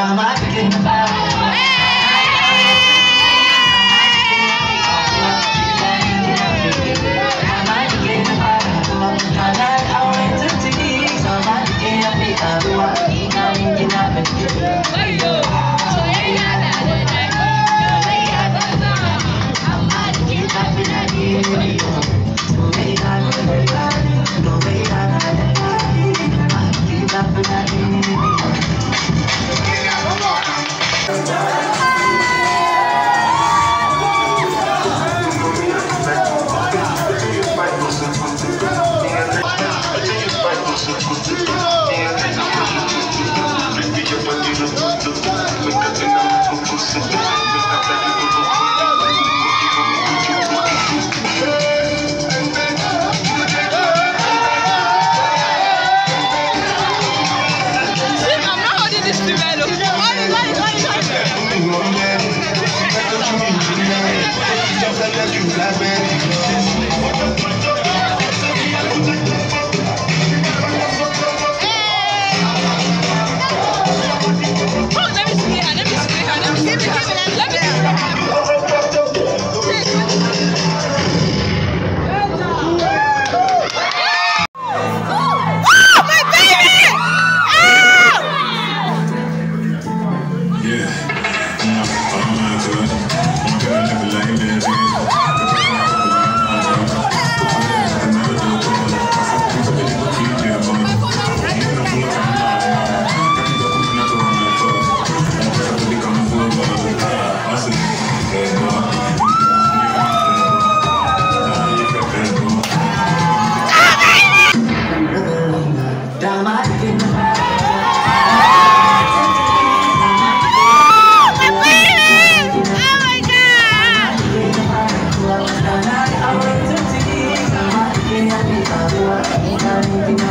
I'm not thinking about Ay, ay, ay, ay, Thank you.